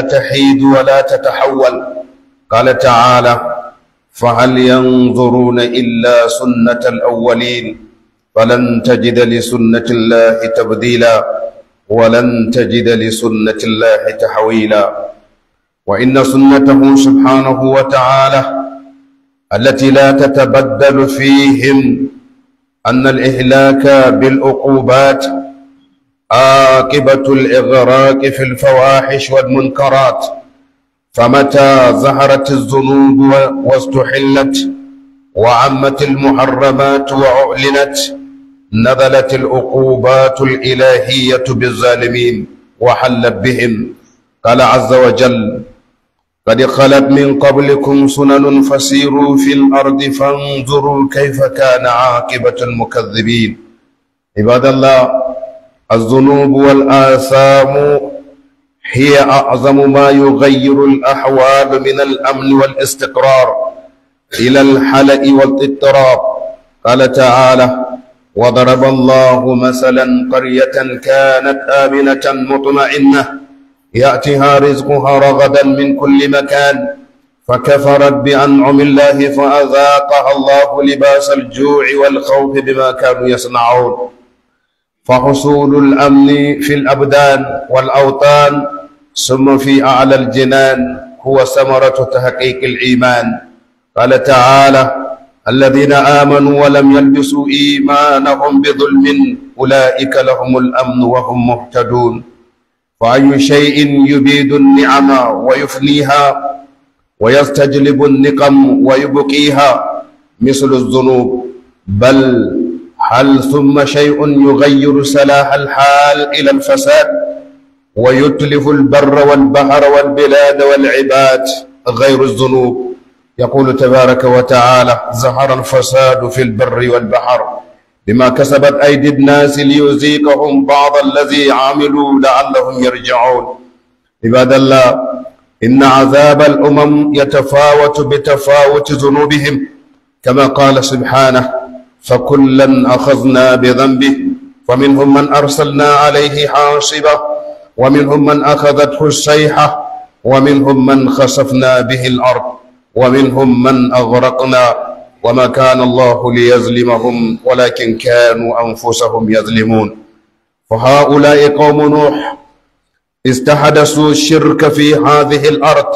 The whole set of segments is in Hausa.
تحيد ولا تتحول قال تعالى فهل ينظرون إلا سنة الأولين فلن تجد لسنة الله تبديلا ولن تجد لسنة الله تحويلا وإن سنته سبحانه وتعالى التي لا تتبدل فيهم أن الإهلاك بالعقوبات عاقبة الإغراق في الفواحش والمنكرات فمتى ظهرت الذنوب واستحلت وعمت المحرمات وأعلنت نزلت العقوبات الإلهية بالظالمين وحلت بهم قال عز وجل قد خلت من قبلكم سنن فسيروا في الأرض فانظروا كيف كان عاقبة المكذبين عباد الله الذنوب والآثام هي أعظم ما يغير الأحوال من الأمن والاستقرار إلى الحلأ والاضطراب قال تعالى وضرب الله مثلا قرية كانت آمنة مطمئنة يأتها رزقها رغدا من كل مكان فكفرت بأنعم الله فأذاقها الله لباس الجوع والخوف بما كانوا يصنعون فحصول الأمن في الأبدان والأوطان ثم في أعلى الجنان هو ثمرة تحقيق الإيمان قال تعالى الذين آمنوا ولم يلبسوا إيمانهم بظلم أولئك لهم الأمن وهم مهتدون فأي شيء يبيد النعم ويفنيها ويستجلب النقم ويبقيها مثل الذنوب بل هل ثم شيء يغير سلاح الحال إلى الفساد ويتلف البر والبحر والبلاد والعباد غير الذنوب يقول تبارك وتعالى ظهر الفساد في البر والبحر بما كسبت أيدي الناس ليزيكهم بعض الذي عملوا لعلهم يرجعون عباد الله إن عذاب الأمم يتفاوت بتفاوت ذنوبهم كما قال سبحانه فكلا أخذنا بذنبه ومنهم من أرسلنا عليه حاصبة ومنهم من أخذته الصيحة ومنهم من خسفنا به الأرض ومنهم من أغرقنا وما كان الله ليظلمهم ولكن كانوا أنفسهم يظلمون فهؤلاء قوم نوح استحدثوا الشرك في هذه الأرض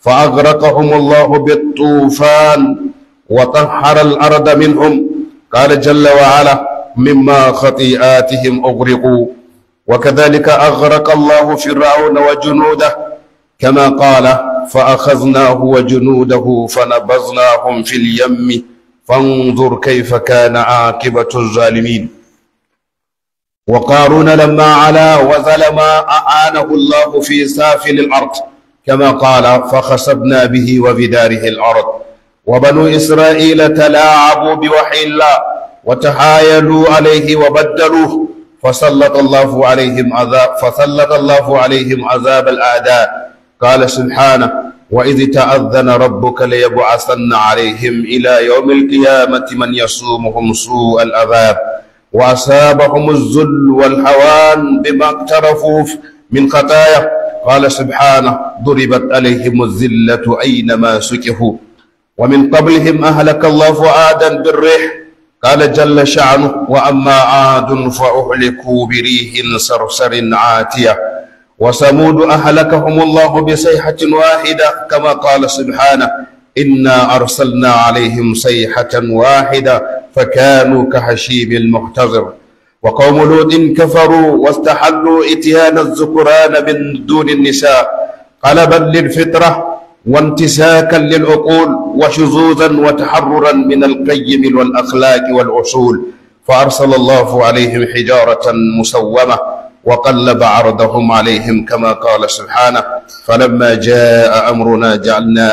فأغرقهم الله بالطوفان وطهر الأرض منهم قال جل وعلا مما خطيئاتهم أغرقوا وكذلك أغرق الله فرعون وجنوده كما قال فأخذناه وجنوده فنبذناهم في اليم فانظر كيف كان عاقبة الظالمين وقارون لما علا وظلما أعانه الله في سافل الأرض كما قال فخسبنا به وبداره الأرض وبنو إسرائيل تلاعبوا بوحي الله وتحايلوا عليه وبدلوه فسلط الله عليهم عذاب فسلط الله عليهم عذاب الأعداء قال سبحانه وإذ تأذن ربك ليبعثن عليهم إلى يوم القيامة من يصومهم سوء العذاب وأصابهم الذل والهوان بما اقترفوا من خطايا قال سبحانه ضربت عليهم الذلة أينما سكفوا ومن قبلهم أهلك الله فؤادا بالريح قال جل شأنه وأما عاد فأهلكوا بريح صرصر عاتية وثمود أهلكهم الله بصيحة واحدة كما قال سبحانه إنا أرسلنا عليهم صيحة واحدة فكانوا كهشيم المحتضر وقوم لوط كفروا واستحلوا إتيان الذكران من دون النساء قلبا للفطرة وامتساكا للعقول وشذوذا وتحررا من القيم والأخلاق والأصول فأرسل الله عليهم حجارة مسومة وقلب عرضهم عليهم كما قال سبحانه فلما جاء أمرنا جعلنا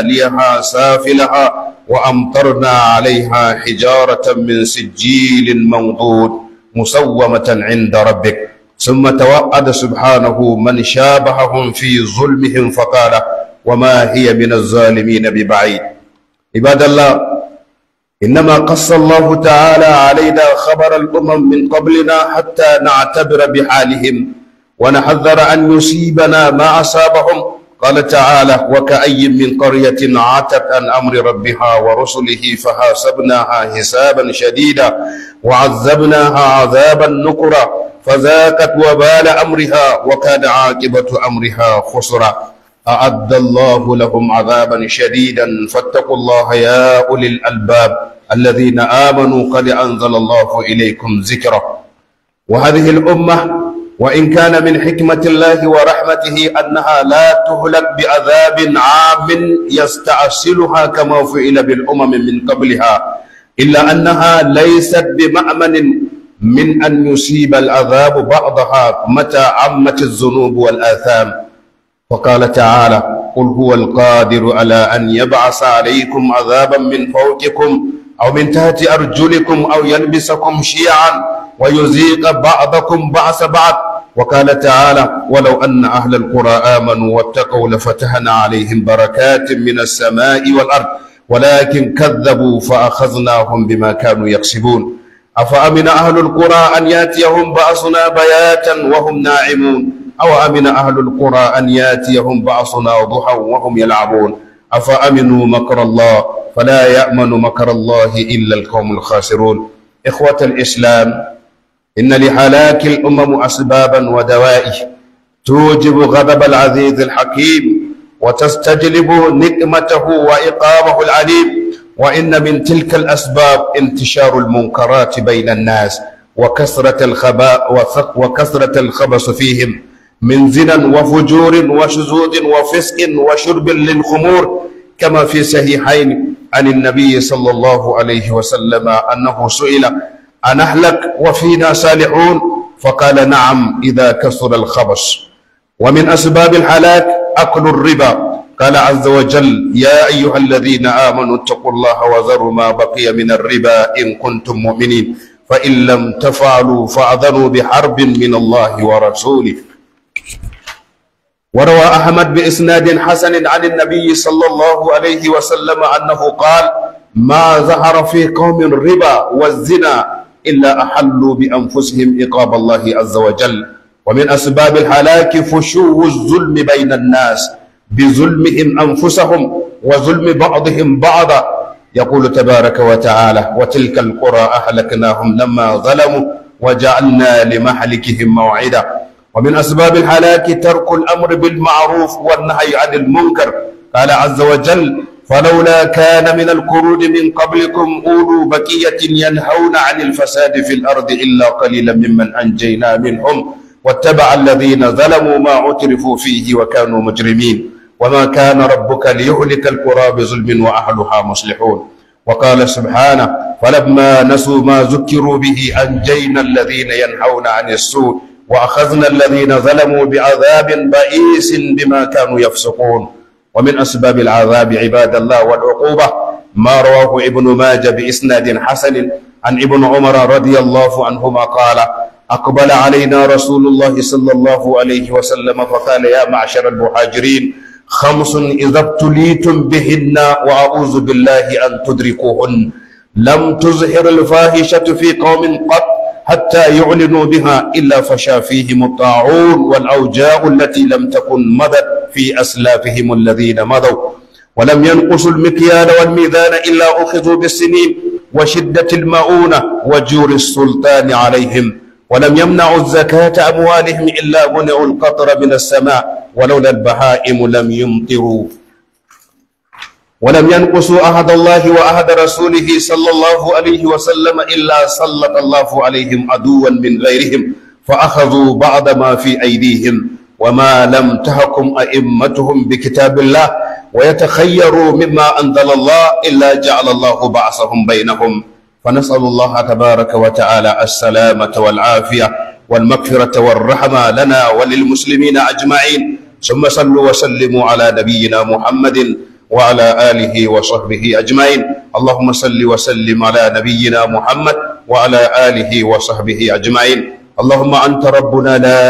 آليها سافلها وأمطرنا عليها حجارة من سجيل منضود مسومة عند ربك ثم توعد سبحانه من شابههم في ظلمهم فقال وما هي من الظالمين ببعيد عباد الله إنما قص الله تعالى علينا خبر الأمم من قبلنا حتى نعتبر بحالهم ونحذر أن يصيبنا ما أصابهم قال تعالى وكأي من قرية عتت عن أمر ربها ورسله فحاسبناها حسابا شديدا وعذبناها عذابا نكرا فذاقت وبال أمرها وكان عاقبة أمرها خسرا أعد الله لهم عذابا شديدا فاتقوا الله يا أولي الألباب الذين آمنوا قد أنزل الله إليكم ذكرا وهذه الأمة وإن كان من حكمة الله ورحمته أنها لا تهلك بعذاب عام يستعسلها كما فعل بالأمم من قبلها إلا أنها ليست بمأمن من أن يصيب العذاب بعضها متى عمت الذنوب والآثام وقال تعالى قل هو القادر على أن يبعث عليكم عذابا من فوقكم أو من تحت أرجلكم أو يلبسكم شيعا ويزيق بعضكم بعث بعض وقال تعالى ولو أن أهل القرى آمنوا واتقوا لفتحنا عليهم بركات من السماء والأرض ولكن كذبوا فأخذناهم بما كانوا يكسبون أفأمن أهل القرى أن يأتيهم بأسنا بياتا وهم ناعمون أو أمن أهل القرى أن ياتيهم بعصنا ضحى وهم يلعبون أفأمنوا مكر الله فلا يأمن مكر الله إلا القوم الخاسرون إخوة الإسلام إن لهلاك الأمم أسبابا ودوائه توجب غضب العزيز الحكيم وتستجلب نقمته وإقامه العليم وإن من تلك الأسباب انتشار المنكرات بين الناس وكثرة الخباء وكثرة الخبص فيهم من زنا وفجور وشذوذ وفسق وشرب للخمور كما في صحيحين عن النبي صلى الله عليه وسلم أنه سئل أنهلك وفينا صالحون فقال نعم إذا كثر الخبش ومن أسباب الهلاك أكل الربا قال عز وجل يا أيها الذين آمنوا اتقوا الله وذروا ما بقي من الربا إن كنتم مؤمنين فإن لم تفعلوا فأذنوا بحرب من الله ورسوله وروى أحمد بإسناد حسن عن النبي صلى الله عليه وسلم أنه قال ما ظهر في قوم الربا والزنا إلا أحلوا بأنفسهم إقاب الله عز وجل ومن أسباب الحلاك فشو الظلم بين الناس بظلمهم أنفسهم وظلم بعضهم بعضا يقول تبارك وتعالى وتلك القرى أهلكناهم لما ظلموا وجعلنا لمهلكهم موعدا ومن أسباب الهلاك ترك الأمر بالمعروف والنهي عن المنكر قال عز وجل فلولا كان من القرود من قبلكم أولو بكية ينهون عن الفساد في الأرض إلا قليلا ممن أنجينا منهم واتبع الذين ظلموا ما عترفوا فيه وكانوا مجرمين وما كان ربك ليهلك القرى بظلم وأهلها مصلحون وقال سبحانه فلما نسوا ما ذكروا به أنجينا الذين ينهون عن السوء وأخذنا الذين ظلموا بعذاب بئيس بما كانوا يفسقون ومن أسباب العذاب عباد الله والعقوبة ما رواه ابن ماجه بإسناد حسن عن ابن عمر رضي الله عنهما قال أقبل علينا رسول الله صلى الله عليه وسلم فقال يا معشر المهاجرين خمس إذا ابتليتم بهن وأعوذ بالله أن تدركوهن لم تظهر الفاحشة في قوم قط حتى يعلنوا بها إلا فشا فيهم الطاعون والأوجاع التي لم تكن مضت في أسلافهم الذين مضوا ولم ينقصوا المكيال والميزان إلا أخذوا بالسنين وشدة المؤونة وجور السلطان عليهم ولم يمنعوا الزكاة أموالهم إلا منعوا القطر من السماء ولولا البهائم لم يمطروا ولم ينقصوا أحد الله وأحد رسوله صلى الله عليه وسلم إلا سلط الله عليهم عدوا من غيرهم فأخذوا بعض ما في أيديهم وما لم تحكم أئمتهم بكتاب الله ويتخيروا مما أنزل الله إلا جعل الله بعثهم بينهم فنسأل الله تبارك وتعالى السلامة والعافية والمغفرة والرحمة لنا وللمسلمين أجمعين ثم صلوا وسلموا على نبينا محمد وعلى آله وصحبه أجمعين اللهم صل وسلم على نبينا محمد وعلى آله وصحبه أجمعين اللهم أنت ربنا لا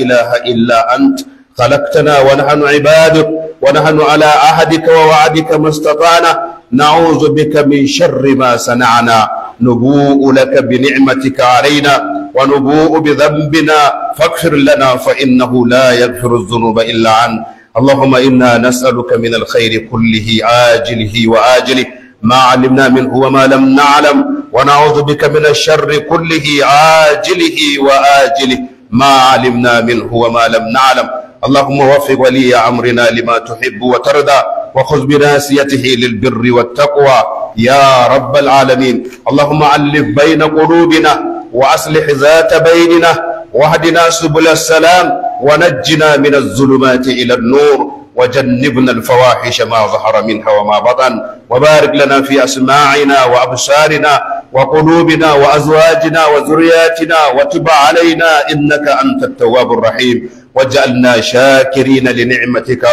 إله إلا أنت خلقتنا ونحن عبادك ونحن على عهدك ووعدك ما استطعنا نعوذ بك من شر ما صنعنا نبوء لك بنعمتك علينا ونبوء بذنبنا فاغفر لنا فإنه لا يغفر الذنوب إلا عنك اللهم إنا نسألك من الخير كله عاجله وآجله ما علمنا منه وما لم نعلم ونعوذ بك من الشر كله عاجله وآجله ما علمنا منه وما لم نعلم اللهم وفق ولي أمرنا لما تحب وترضى وخذ بناسيته للبر والتقوى يا رب العالمين اللهم ألف بين قلوبنا وأصلح ذات بيننا واهدنا سبل السلام ونجنا من الظلمات إلى النور وجنبنا الفواحش ما ظهر منها وما بطن وبارك لنا في أسماعنا وأبصارنا وقلوبنا وأزواجنا وذرياتنا وتب علينا إنك أنت التواب الرحيم واجعلنا شاكرين لنعمتك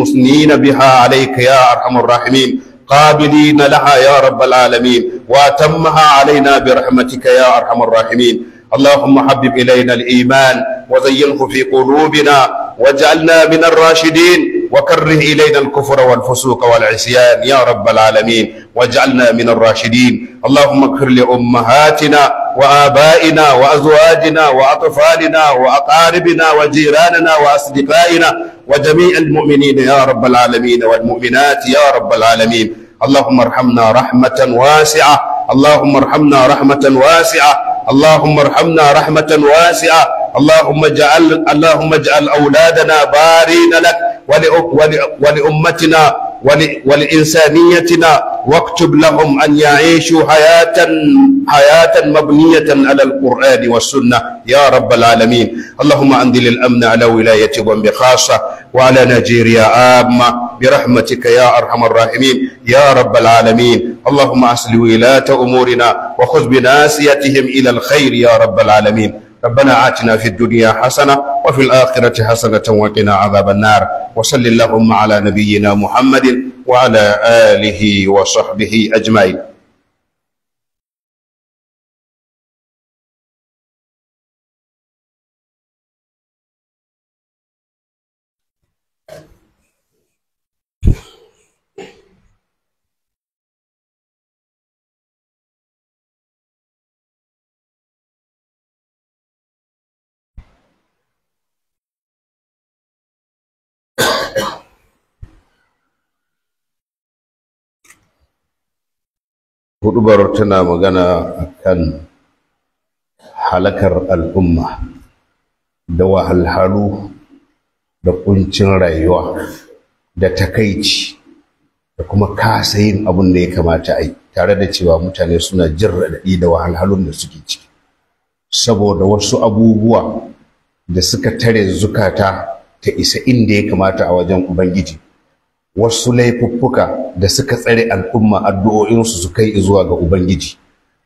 مثنين بها عليك يا أرحم الراحمين قابلين لها يا رب العالمين وأتمها علينا برحمتك يا أرحم الراحمين اللهم حبب إلينا الإيمان وزينه في قلوبنا واجعلنا من الراشدين وكره إلينا الكفر والفسوق والعصيان يا رب العالمين واجعلنا من الراشدين اللهم اغفر لأمهاتنا وآبائنا وأزواجنا وأطفالنا وأقاربنا وجيراننا وأصدقائنا وجميع المؤمنين يا رب العالمين والمؤمنات يا رب العالمين اللهم ارحمنا رحمة واسعة اللهم ارحمنا رحمة واسعة اللهم ارحمنا رحمة واسعة اللهم اجعل اللهم اجعل أولادنا بارين لك ولأمتنا ولإنسانيتنا واكتب لهم أن يعيشوا حياة حياة مبنية على القرآن والسنة يا رب العالمين اللهم أنزل الأمن على ولاية بومبي خاصة وعلى نيجيريا عامة برحمتك يا أرحم الراحمين يا رب العالمين اللهم أصل ولاة أمورنا وخذ بناسيتهم إلى الخير يا رب العالمين ربنا آتنا في الدنيا حسنة وفي الآخرة حسنة وقنا عذاب النار وصل اللهم على نبينا محمد وعلى آله وصحبه أجمعين hudubar tana magana kan halakar al'umma da wahalhalu da kuncin rayuwa da takaici da kuma kasa yin abin da ya kamata a yi tare da cewa mutane suna jin raɗaɗi da wahalhalun da suke ciki saboda wasu abubuwa da suka tare zukata ta isa inda ya kamata a wajen ubangiji wasu laifuffuka da suka tsare al'umma addu'o'insu su kai zuwa ga Ubangiji,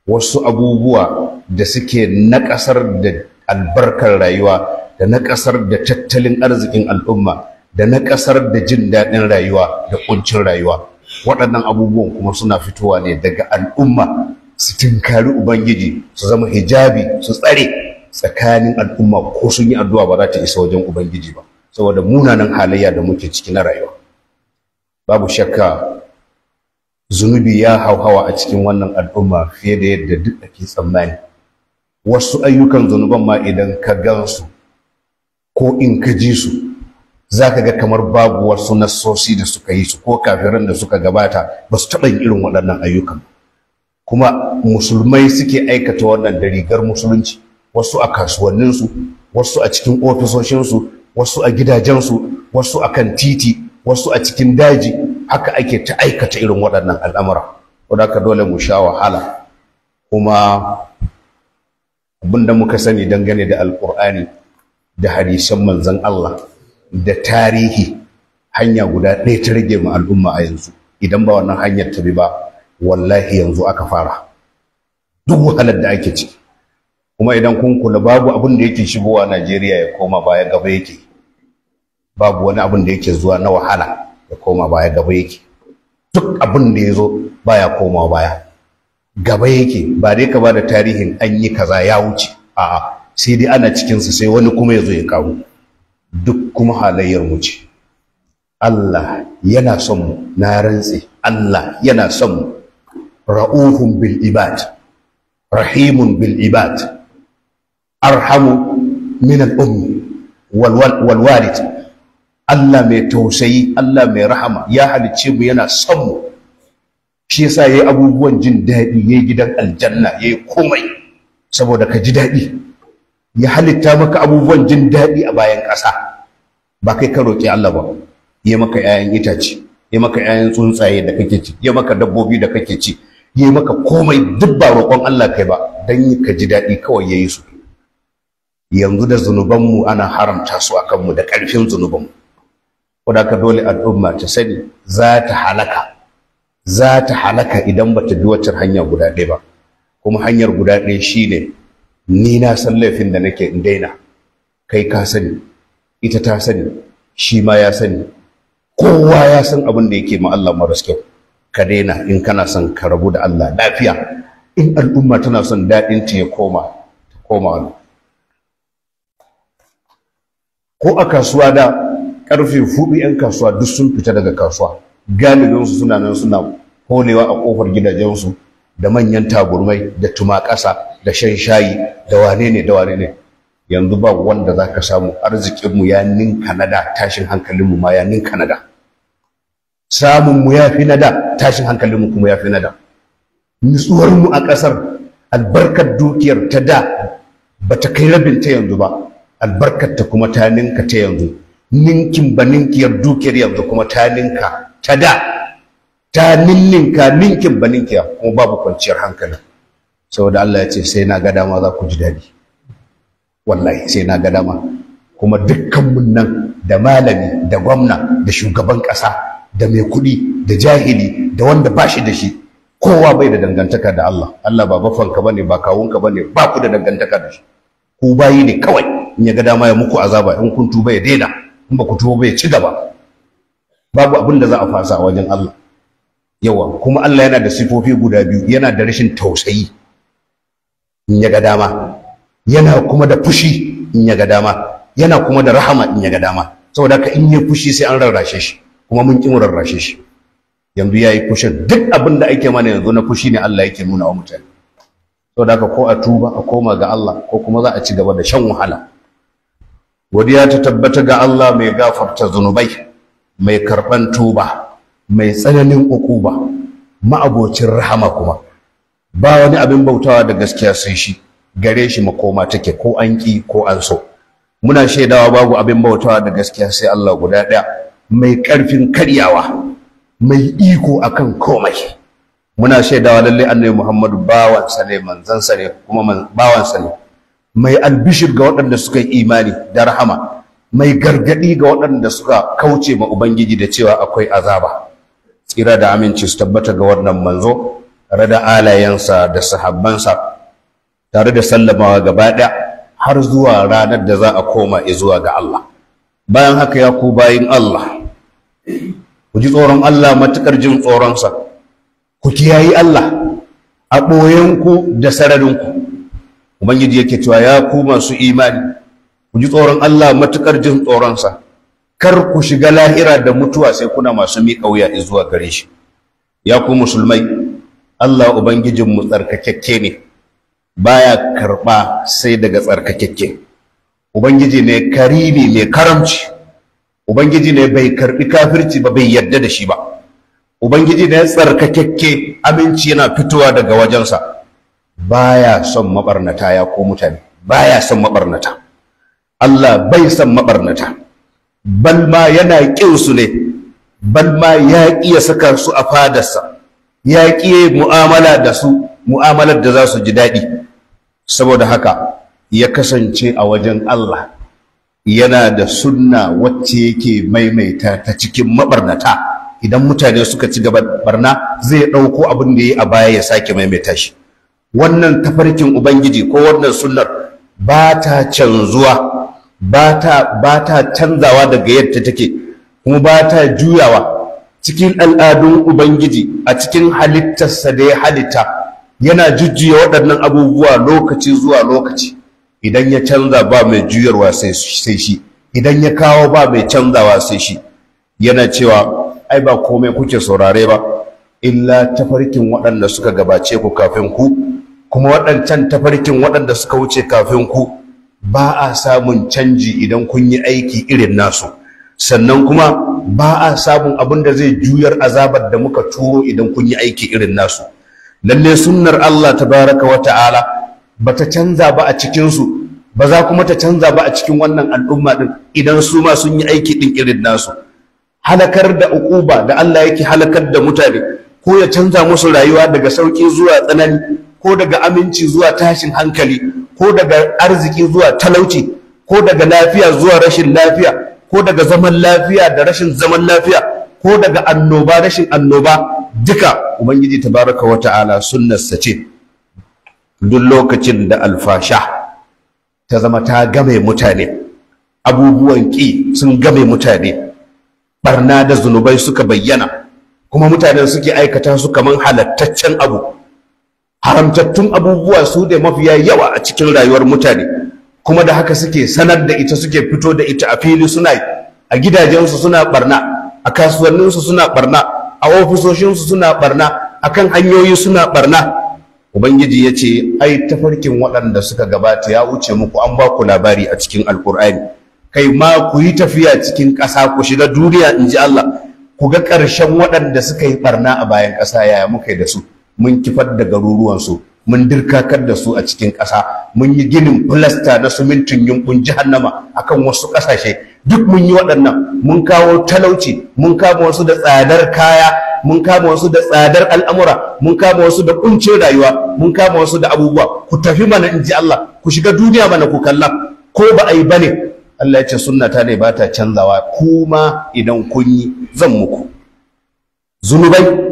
wasu abubuwa da suke na naƙasar da albarkar rayuwa, da na naƙasar da tattalin arzikin al'umma, da na naƙasar da jin daɗin rayuwa da ƙuncin rayuwa. Waɗannan abubuwan kuma suna fitowa ne daga al'umma su tinkari Ubangiji, su zama hijabi, su tsare tsakanin al'umma ko sun yi addu'a ba za ta isa wajen Ubangiji ba, saboda munanan halayya da muke ciki na rayuwa. babu shakka zunubi ya hauhawa a cikin wannan al'umma fiye da yadda duk da ke tsammani wasu ayyukan zunuban ma idan ka gansu ko in ka ji su za ka ga kamar babu wasu nassosi da suka yi su ko kafiran da suka gabata ba su taɓa yin irin waɗannan ayyukan kuma musulmai suke aikata wannan da rigar musulunci wasu a kasuwanninsu wasu a cikin ofisoshinsu wasu a gidajensu wasu a kan titi wasu a cikin daji haka ake ta aikata irin waɗannan al'amura wadda ka dole mu sha wahala kuma abinda muka sani dangane da alƙur'ani da hadisan manzan Allah da tarihi hanya guda ɗaya ta rage mu al'umma a yanzu idan ba wannan hanyar ta bi ba wallahi yanzu aka fara duk wahalar da ake ciki kuma idan kun kula babu abin da yake shigowa Najeriya ya koma baya gaba yake babu wani abin da yake zuwa na wahala ya koma baya gaba yake duk abin da ya zo baya koma baya gaba yake ba dai ka bada tarihin an yi kaza ya wuce a'a sai dai ana cikinsa sai wani kuma ya zo ya kawo duk kuma halayyar mu ce Allah yana son mu na rantse Allah yana son mu ra'uhun bil ibad rahimun bil ibad arhamu min al ummi wal walid Allah mai tausayi Allah mai rahama ya halicce mu yana son mu shi yasa yayi abubuwan jin daɗi yayi gidan aljanna yayi komai saboda ka ji daɗi ya halitta maka abubuwan jin daɗi a bayan ƙasa ba kai ka roƙi Allah ba ya maka 'ya'yan itace ya maka 'ya'yan tsuntsaye da kake ci ya maka dabbobi da kake ci ya maka komai duk ba roƙon Allah kai ba dan ka ji daɗi kawai yayi su yanzu da zunubanmu ana haramta su a kanmu da ƙarfin zunubanmu ka dole al'umma ta sani za ta halaka za ta halaka idan ba ta bi hanya guda ɗaya ba kuma hanyar guda ɗaya shine ni na san laifin da nake in daina kai ka sani ita ta sani shi ma ya sani kowa ya san abin da yake ma Allah maras kyau ka daina in kana son ka rabu da Allah lafiya in al'umma tana son daɗin ta ya koma koma ko a kasuwa da karfe hudu yan kasuwa duk sun fita daga kasuwa su suna nan suna honewa a kofar gidajensu da manyan tagurmai da tumakasa da shan shayi da wane ne da wane ne yanzu ba wanda za ka samu arzikinmu ya ninka na da tashin hankalinmu ma ya ninka na da samunmu ya fi na da tashin hankalinmu kuma ya fi na da nutsuwarmu a ƙasar albarkar dukiyar ta da bata kai rabin ta yanzu ba albarkar ta kuma ta ninka ta yanzu ninkin ba ninkiyar dukiyar yanzu kuma ta ninka ta da ta ninninka ninkin ba ninkiya kuma babu kwanciyar hankali saboda Allah ya ce sai na ga dama za ku ji daɗi wallahi sai na ga dama kuma dukkanmu nan da malami da gwamna da shugaban ƙasa da mai kuɗi da jahili da wanda ba shi da shi kowa bai da dangantaka da Allah Allah ba bafanka bane ba kawunka bane ba ku da dangantaka da shi ku bayi ne kawai in ya ga dama ya muku azaba in kun tuba ya daina in ba ku tuho bai ci gaba babu abin da za a fasa wajen Allah yawa kuma Allah yana da sifofi guda biyu yana da rashin tausayi in ya ga dama yana kuma da fushi in ya ga dama yana kuma da rahama in ya ga dama saboda haka in ya fushi sai an rarrashe shi kuma mun kin rarrashe shi yanzu yayi fushin duk abin da ake mana yanzu na fushi ne Allah yake nuna wa mutane saboda haka ko a tuba a koma ga Allah ko kuma za a ci gaba da shan wahala godiya ta tabbata ga Allah mai gafarta zunubai mai karɓan tuba mai tsananin ukuba ma'abocin rahama kuma ba wani abin bautawa da gaskiya sai shi gare shi makoma take ko an ki ko an so muna shaidawa babu abin bautawa da gaskiya sai Allah guda ɗaya mai karfin karyawa mai iko akan komai muna shaidawa lalle annabi Muhammadu bawansa ne manzansa ne kuma bawansa ne mai albishir ga waɗanda suka yi imani da rahama mai gargaɗi ga waɗanda suka kauce ma ubangiji da cewa akwai azaba tsira da aminci su tabbata ga wannan manzo tare da alayensa da sahabbansa tare da sallamawa gaba ɗaya har zuwa ranar da za a koma zuwa ga Allah bayan haka ya ku bayin Allah ku ji tsoron Allah matuƙar jin tsoronsa ku kiyayi Allah a ɓoyenku da sararinku ubangiji yake cewa ya ku masu imani ku ji tsoron Allah matukar jin tsoronsa kar ku shiga lahira da mutuwa sai kuna masu miƙa wuya zuwa gare shi ya ku musulmai Allah ubangijin mu tsarkakekke ne baya karba sai daga tsarkakekke ubangiji ne karimi mai karamci ubangiji ne bai karɓi kafirci ba bai yarda da shi ba ubangiji ne tsarkakekke aminci yana fitowa daga wajensa baya son mabarnata ya ko mutane baya son mabarnata Allah bai son mabarnata bal ma yana kin su ne bal ma ya iya saka su a fadarsa ya ƙi mu'amala da su mu'amalar da za su ji daɗi saboda haka ya kasance a wajen Allah yana da sunna wacce yake maimaita ta cikin mabarnata idan mutane suka ci gaba barna zai ɗauko abin da ya yi a baya ya sake maimaita shi wannan tafarkin ubangiji ko wannan sunnar ba ta canzuwa ba ta canzawa daga yadda take kuma ba ta juyawa cikin al'adun ubangiji a cikin halittarsa da ya halitta yana jujjuya waɗannan abubuwa lokaci zuwa lokaci idan ya canza ba mai juyarwa sai shi idan ya kawo ba mai canzawa sai shi yana cewa ai ba komai kuke saurare ba illa tafarkin waɗanda suka gabace ku kafin ku kuma waɗancan tafarkin waɗanda suka wuce kafin ku ba a samun canji idan kun yi aiki irin nasu sannan kuma ba a samun abin da zai juyar azabar da muka turo idan kun yi aiki irin nasu lalle sunnar Allah Ta baraka wa ta'ala bata canza ba a cikinsu, ba za kuma ta canza ba a cikin wannan al'umma din idan su ma sun yi aiki din irin nasu halakar da ukuba da Allah yake halakar da mutane ko ya canza musu rayuwa daga sauki zuwa tsanani ko daga aminci zuwa tashin hankali ko daga arziki zuwa talauci ko daga lafiya zuwa rashin lafiya ko daga zaman lafiya da rashin zaman lafiya ko daga annoba rashin annoba duka ubangiji tabaraka wa ta'ala sunnarsa ce duk lokacin da alfasha ta zama ta game mutane abubuwan ƙi sun game mutane barna da zunubai suka bayyana kuma mutane suke aikata su kaman halattaccen abu haramtattun abubuwa su da mafiya yawa a cikin rayuwar mutane kuma da haka suke sanar da ita suke fito da ita a fili suna a gidajensu suna barna a kasuwanninsu suna barna a ofisoshinsu suna barna kan hanyoyi suna barna ubangiji ya ce ai tafarkin waɗanda suka gabata ya wuce muku an ba ku labari a cikin alkur'ani kai ma ku yi tafiya cikin ƙasa ku shiga duniya in ji allah ku ga ƙarshen waɗanda suka yi barna a bayan ƙasa yaya muka yi da su mun kifar da garuruwansu mun dirkakar da su a cikin ƙasa mun yi ginin filasta na sumintin yumbun jahannama akan wasu ƙasashe duk mun yi waɗannan mun kawo talauci mun kama wasu da tsadar kaya mun kama wasu da tsadar al'amura mun kama wasu da ƙuncin rayuwa mun kama wasu da abubuwa ku tafi mana in ji Allah ku shiga duniya mana ku kalla ko ba a yi ba ne. Allah ya ce sunna ta ne ba ta canzawa kuma idan kun yi zan muku zunubai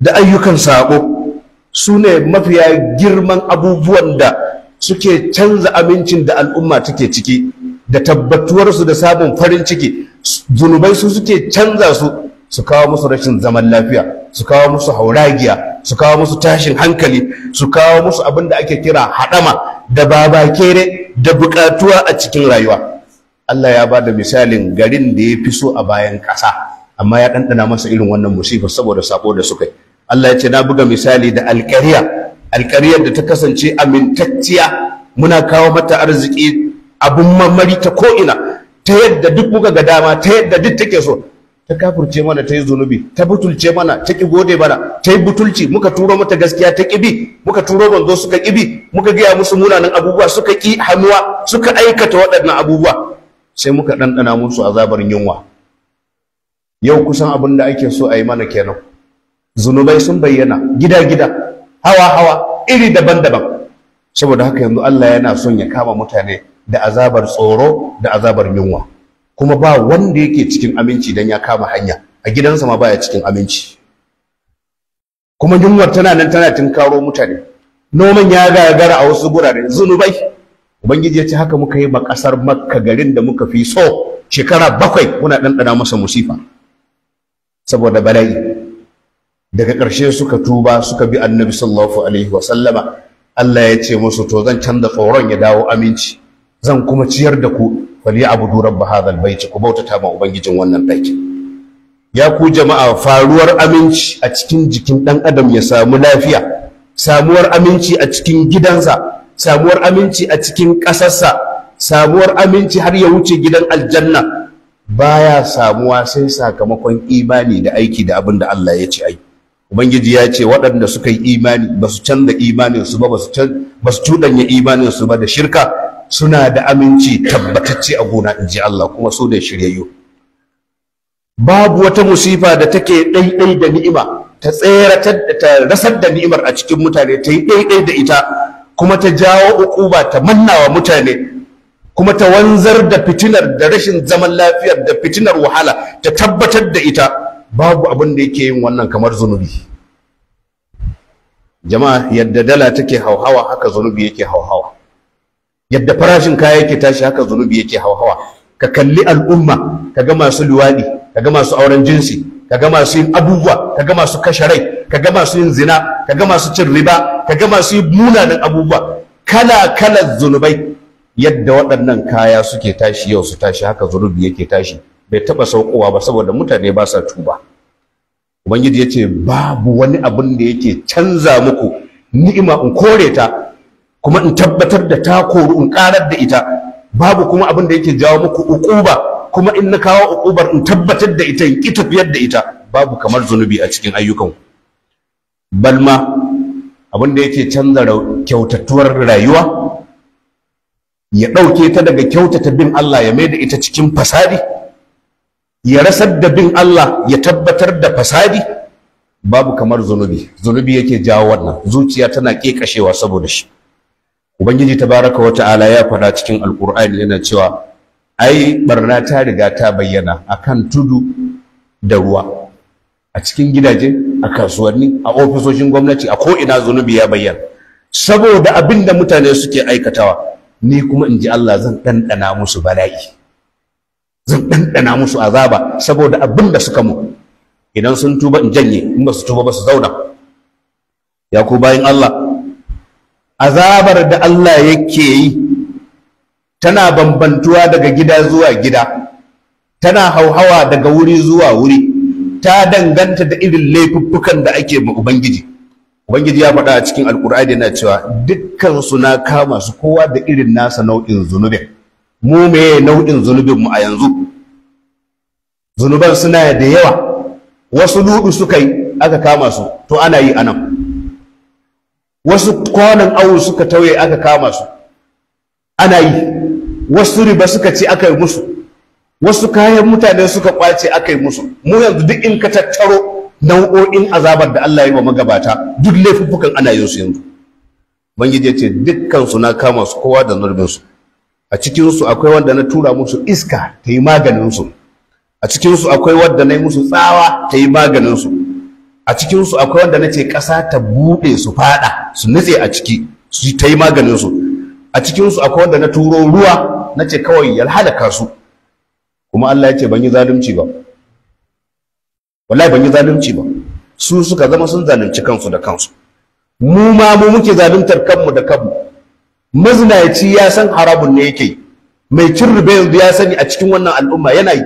da ayyukan sabo su ne mafiya girman abubuwan da suke canza amincin da al'umma take ciki da tabbatuwarsu da samun farin ciki zunubai su suke canza su su kawo musu rashin zaman lafiya su kawo musu hauragiya su kawo musu tashin hankali su kawo musu abin da ake kira haɗama da babakere da buƙatuwa a cikin rayuwa Allah ya ba da misalin garin da ya fi so a bayan ƙasa amma ya ɗanɗana masa irin wannan musifa saboda sako da suka yi Allah ya ce na buga misali da alƙariya alƙaryar da ta kasance amintacciya muna kawo mata arziki abun mamari ta ko'ina ta yadda duk muka ga dama ta yadda duk take so ta kafurce mana ta yi zunubi ta butulce mana ta ki gode mana ta yi butulci muka turo mata gaskiya ta ƙibi muka turo manzo suka ƙibi muka gaya musu munanan abubuwa suka ƙi hannuwa suka aikata waɗannan abubuwa sai muka ɗanɗana musu azabar yunwa yau kusan abin da ake so a yi mana kenan zunubai sun bayyana gida-gida hawa-hawa iri daban-daban saboda haka yanzu Allah yana son ya kama mutane da azabar tsoro da azabar yunwa kuma ba wanda yake cikin aminci don ya kama hanya a gidansa ma baya cikin aminci kuma yunwar tana nan tana tinkaro mutane noman ya gagara a wasu gurare zunubai ubangiji ya ce haka muka yi ma ƙasar makka garin da muka fi so shekara bakwai muna ɗanɗana masa musifa saboda bala'i daga ƙarshe suka tuba suka bi annabi sallallahu alaihi wa sallama Allah ya ce musu to zan canza tsoron ya dawo aminci zan kuma ciyar da ku fali abudu rabb hadha albayt ku bautata ma ubangijin wannan ɗakin ya ku jama'a faruwar aminci a cikin jikin ɗan adam ya samu lafiya samuwar aminci a cikin gidansa samuwar aminci a cikin ƙasarsa samuwar aminci har ya wuce gidan aljanna baya samuwa sai sakamakon imani da aiki da abin da Allah ya ce ai ubangiji ya ce waɗanda suka yi imani ba su canza imaninsu ba ba su cuɗanya imaninsu ba da shirka suna da aminci tabbatacce a gona in ji Allah kuma su da shiryayyu babu wata musifa da take ɗaiɗai da ni'ima ta tseratar ta rasar da ni'imar a cikin mutane ta yi ɗaiɗai da ita kuma ta jawo ukuba ta mannawa mutane kuma ta wanzar da fitinar da rashin zaman lafiyar da fitinar wahala ta tabbatar da ita babu abin da yake yin wannan kamar zunubi jama'a yadda dala take hauhawa haka zunubi yake hauhawa yadda farashin kaya yake tashi haka zunubi yake hauhawa ka kalli al'umma ka ga masu luwaɗi ga masu auren jinsi ka ga masu yin abubuwa ka ga masu kashe rai ka ga masu yin zina ka ga masu cin riba ka ga masu yin munanan abubuwa kala kala zunubai yadda waɗannan kaya suke tashi yau su tashi haka zunubi yake tashi bai taba saukowa ba saboda mutane ba sa tuba ubangiji ya ce babu wani abin da yake canza muku ni'ima in kore ta kuma in tabbatar da ta koru in karar da ita babu kuma abin da yake jawo muku ukuba, kuma in na kawo ukubar in tabbatar da ita in ki tafiyar da ita babu kamar zunubi a cikin ayyukan balma abin da yake canza kyautatuwar rayuwa ya ɗauke ta daga kyautata bin Allah ya mai da ita cikin fasadi ya rasar da bin Allah ya tabbatar da fasadi babu kamar zunubi zunubi yake jawo wannan zuciya tana kashewa saboda shi ubangiji tabaraka wa ta'ala ya faɗa cikin alqur'ani yana cewa ai barna ta riga ta bayyana a kan tudu da ruwa a cikin gidaje a kasuwanni a ofisoshin gwamnati a ko ina zunubi ya bayyana saboda abinda mutane suke aikatawa ni kuma in ji Allah zan ɗanɗana musu bala'i zan ɗanɗana musu azaba saboda abin da suka mu idan sun tuba in janye in ba su tuba ba su zauna ya ku bayan Allah azabar da Allah yake yi tana bambantuwa daga gida zuwa gida tana hauhawa daga wuri zuwa wuri ta danganta da irin laifuffukan da ake ma ubangiji ubangiji ya faɗa a cikin alƙur'ani yana cewa dukkan su na kama su kowa da irin nasa nau'in zunubin mu meye nau'in zunubin mu a yanzu zunuban suna da yawa wasu dudu suka yi aka kama su to ana yi anan wasu kwanan awu suka tauye aka kama su ana yi wasu riba suka ci aka yi musu wasu kayan mutane suka kwace aka yi musu mu yanzu duk in ka tattaro nau'o'in azabar da Allah ya yi wa magabata duk laifuffukan ana yin su yanzu ubangiji ya ce dukkan su na kama su kowa da zurbin su a cikinsu akwai wanda na tura musu iska ta yi maganinsu a cikinsu akwai wanda na yi musu tsawa ta yi maganinsu a cikinsu akwai wanda na ce ƙasa ta buɗe su faɗa su nutse a ciki su ta yi maganinsu a cikinsu akwai wanda na turo ruwa na ce kawai ya halaka su kuma Allah ya ce ban yi zalunci ba wallahi ban yi zalunci ba su suka zama sun zalunci kansu da kansu mu ma mu muke zaluntar kanmu da kanmu mazinaci ya san harabun ne yake mai cin riba yanzu ya sani a cikin wannan al'umma yana yi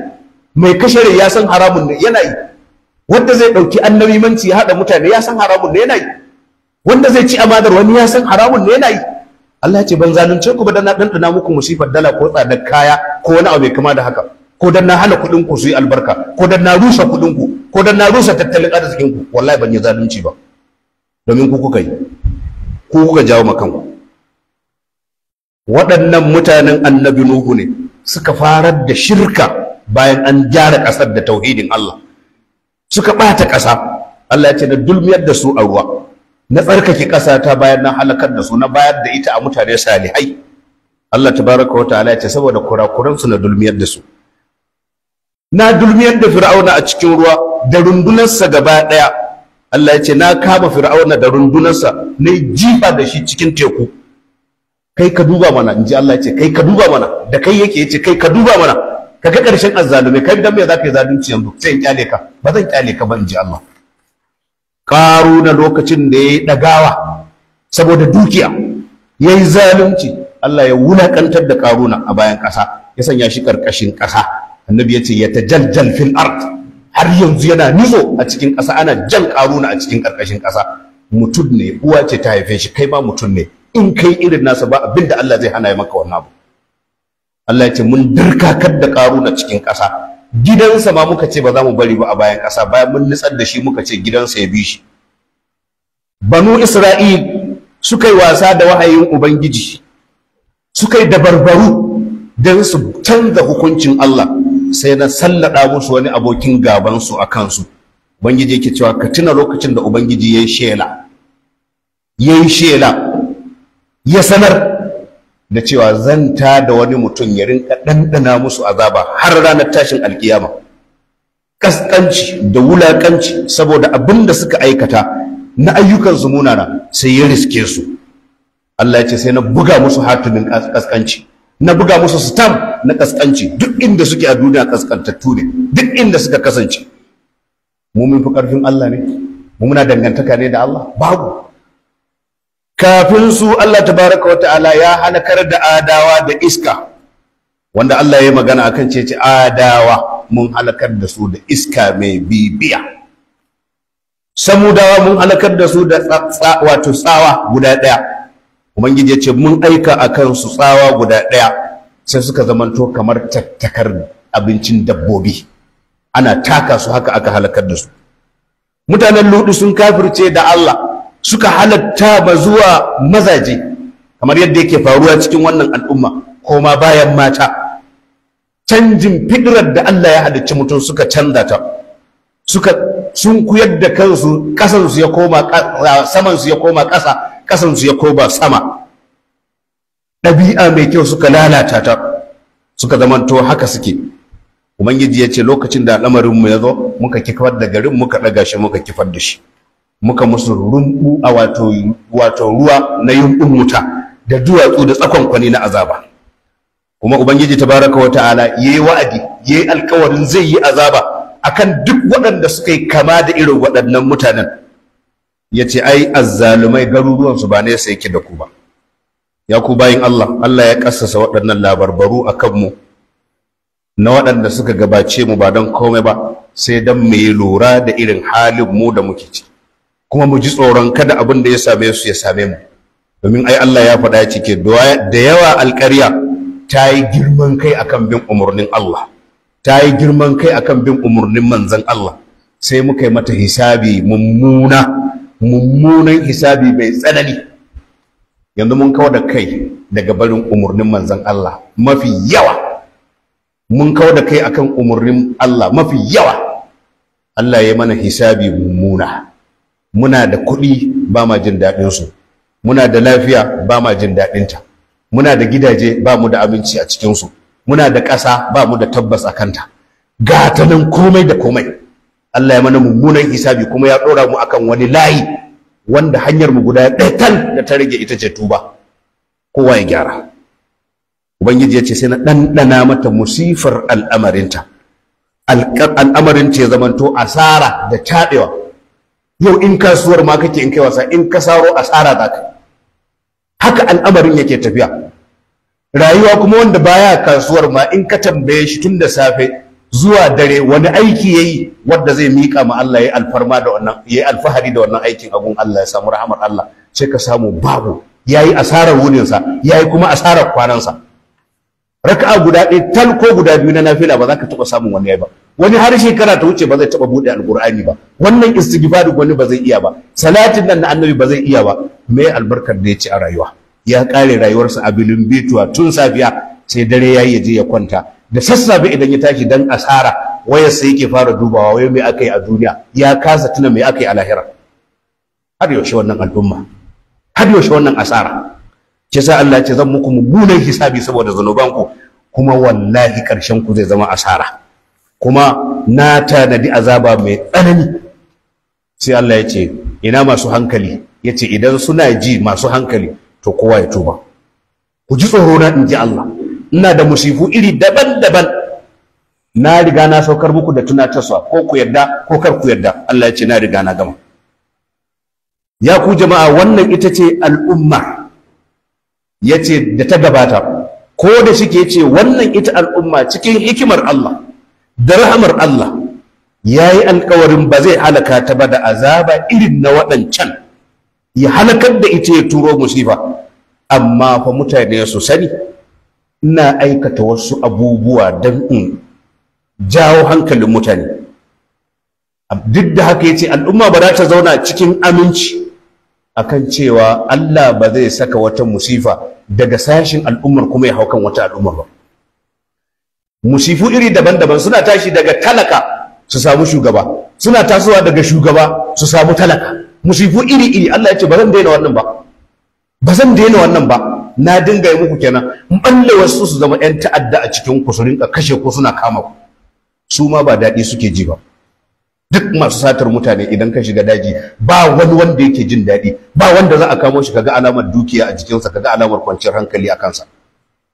mai kashe ya san haramun ne yana yi wanda zai ɗauki annabimanci ya haɗa mutane ya san haramun ne yana yi wanda zai ci amadar wani ya san haramun ne yana yi Allah ce ban zalunce ku ba dan na dandana muku musifar dala ko tsadar kaya ko wani abu mai kama da haka ko dan na hana kuɗin ku su yi albarka ko dan na rusa kuɗin ku ko dan na rusa tattalin arzikin ku wallahi ban yi zalunci ba domin ku kuka yi ku kuka jawo makanku waɗannan mutanen annabi nuhu ne suka farar da shirka bayan an gyara ƙasar da tauhidin Allah suka ɓata ƙasa Allah ya ce na dulmiyar da su a ruwa na tsarkake ƙasa ta bayan na halakar da su na bayar da ita a mutane salihai Allah tabaraka wa ta'ala ya ce saboda kurakuran su na dulmiyar da su na dulmiyar da fir'auna a cikin ruwa da rundunarsa gaba ɗaya Allah ya ce na kama fir'auna da rundunarsa na yi jifa da shi cikin teku kai ka duba mana in ji Allah ce kai ka duba mana da kai yake ya ce kai ka duba mana ka ga ƙarshen azzalumai kai dan me za ka yi zalunci yanzu sai in kyale ka ba zan kyale ka ba in ji Allah na lokacin da ya yi ɗagawa saboda dukiya ya yi zalunci Allah ya wulaƙantar da karuna a bayan ƙasa ya sanya shi ƙarƙashin ƙasa annabi ya ce ya ta jaljal fil ard har yanzu yana nizo a cikin ƙasa ana jan karuna a cikin ƙarƙashin ƙasa mutum ne uwa ce ta haife shi kai ma mutum ne in kai irin nasa ba abin da Allah zai hana ya maka wannan abu Allah ya ce mun dirkakar da na cikin ƙasa gidansa ma muka ce ba za mu bari ba a bayan ƙasa bayan mun nitsar da shi muka ce gidansa ya bi shi banu isra'il suka yi wasa da wahayin ubangiji suka yi dabarbaru don su canza hukuncin Allah sai na sallada musu wani abokin gabansu a kansu ubangiji yake cewa ka tuna lokacin da ubangiji ya yi shela ya shela ya sanar da cewa zan ta da wani mutum ya rinka ɗanɗana musu azaba har ranar tashin alkiyama ƙasƙanci da wulaƙanci saboda abin da suka aikata na ayyukan su munana sai ya riske su Allah ya ce sai na buga musu hatunin ƙasƙanci na buga musu sitam na ƙasƙanci duk inda suke a duniya ƙasƙantattu ne duk inda suka kasance mu mun fi ƙarfin Allah ne mu dangantaka ne da Allah babu kafin su Allah tabaraka wa ta'ala ya halakar da adawa da iska wanda Allah ya yi magana akan kan ceci adawa mun halakar da su da iska mai bibiya samudawa mun halakar da su da wato tsawa guda ɗaya ubangiji ya ce mun aika a su tsawa guda ɗaya sai suka zamanto kamar tattakar abincin dabbobi ana taka su haka aka halakar da su mutanen ludu sun kafirce da Allah suka halatta ba zuwa mazaje kamar yadda yake faruwa cikin wannan al'umma ko ma bayan mata canjin fikirar da Allah ya halicci mutum suka canza ta suka sun kuyar da kansu su ya koma su ya koma ƙasa su ya koma sama ɗabi'a mai kyau suka lalata ta suka zamanto haka suke ubangiji ya ce lokacin da mu ya zo muka kifar da garin muka ɗaga shi muka kifar da shi muka musu rumbu a wato ruwa na yumbun wuta da duwatsu da tsakon kwani na azaba kuma ubangiji ta tabaraka wa ta'ala yayi wa'adi yayi alkawarin zai yi azaba akan duk waɗanda suka yi kama da irin waɗannan mutanen yace ai azzalumai garuruwan su ba ne sai yake da ku ba ya ku bayin Allah Allah ya ƙasasa waɗannan labarbaru akan mu na waɗanda suka gabace mu ba don komai ba sai don mai lura da irin halin mu da muke ci. kuma mu ji tsoron kada abin da ya same su ya same mu domin ai Allah ya faɗa ya cike da yawa alƙarya ta yi girman kai akan bin umarnin Allah ta yi girman kai akan bin umarnin manzon Allah sai muka yi mata hisabi mummuna mummunan hisabi mai tsanani yanzu mun kawo da kai daga barin umarnin manzon Allah mafi yawa mun kawo da kai akan umarnin Allah mafi yawa Allah ya mana hisabi mummuna muna da kuɗi ba ma jin daɗinsu. muna da lafiya ba ma jin daɗin ta muna da gidaje ba mu da abinci a cikin su muna da ƙasa ba mu da tabbas a kanta ga ta nan komai da komai Allah ya mana mummunan hisabi kuma ya ɗora mu akan wani layi wanda hanyar mu guda ɗaya tal da ta rage ita ce tuba kowa ya gyara ubangiji ya ce sai na ɗanɗana mata musifar al'amarinta Al'amarin ya zamanto asara da caɗewa yau in kasuwar ma kake in kai wasa in ka saro asara za ka haka al'amarin yake tafiya rayuwa kuma wanda baya kasuwar ma in ka tambaye shi tun da safe zuwa dare wani aiki yayi wanda zai mika ma Allah ya alfarma da wannan yayi alfahari da wannan aikin agun Allah ya samu rahamar Allah sai ka samu babu yayi asarar sa yayi kuma asarar kwanansa raka'a guda ɗaya tal ko guda biyu na nafila ba za ka taɓa samun wani yayi ba wani har shekara ta wuce ba zai taba bude alqur'ani ba wannan istighfar wani ba zai iya ba salatin nan na annabi ba zai iya ba me albarkar da ya a rayuwa ya kare rayuwarsa a bilin bituwa tun safiya sai dare yayi ya je ya kwanta da sassafe idan ya tashi dan asara wayar sai yake fara dubawa wai me akai a duniya ya kasa tuna me akai a lahira har yaushe wannan al'umma har yaushe wannan asara ke sa Allah ce zan muku mummunan hisabi saboda zanubanku kuma wallahi karshen ku zai zama asara kuma na tanadi azaba mai tsanani sai Allah ya ce ina masu hankali ya ce idan suna ji masu hankali to kowa ya tuba ku ji tsoro na inji Allah ina da musifu iri daban-daban na riga na saukar muku da tunatarsa ko ku yarda ko kar ku yarda Allah ya ce na riga na gama ya ku jama'a wannan ita ce al'umma ya ce da ta gabata ko da shike ke ce wannan ita al'umma cikin hikimar Allah da rahamar Allah ya yi alkawarin ba zai halaka ta ba da azaba irin na waɗancan ya halakar da ita ya turo musifa amma fa mutane su sani ina aikata wasu abubuwa don in jawo hankalin mutane duk da haka ya ce al'umma ba za ta zauna cikin aminci akan cewa Allah ba zai saka wata musifa daga sashin al'ummar kuma ya hau kan wata al'ummar ba musifu iri daban-daban suna tashi daga talaka su samu shugaba suna tasowa daga shugaba su samu talaka musifu iri iri Allah ya ce ba zan daina wannan ba ba zan daina wannan ba na dinga yi muku kenan balle wasu su zama yan ta'adda a cikin ku su rinka kashe ko suna kama ku su ma ba daɗi suke ji ba duk masu satar mutane idan ka shiga daji ba wani wanda yake jin daɗi ba wanda za a kamo shi kaga alamar dukiya a jikinsa kaga alamar kwanciyar hankali a kansa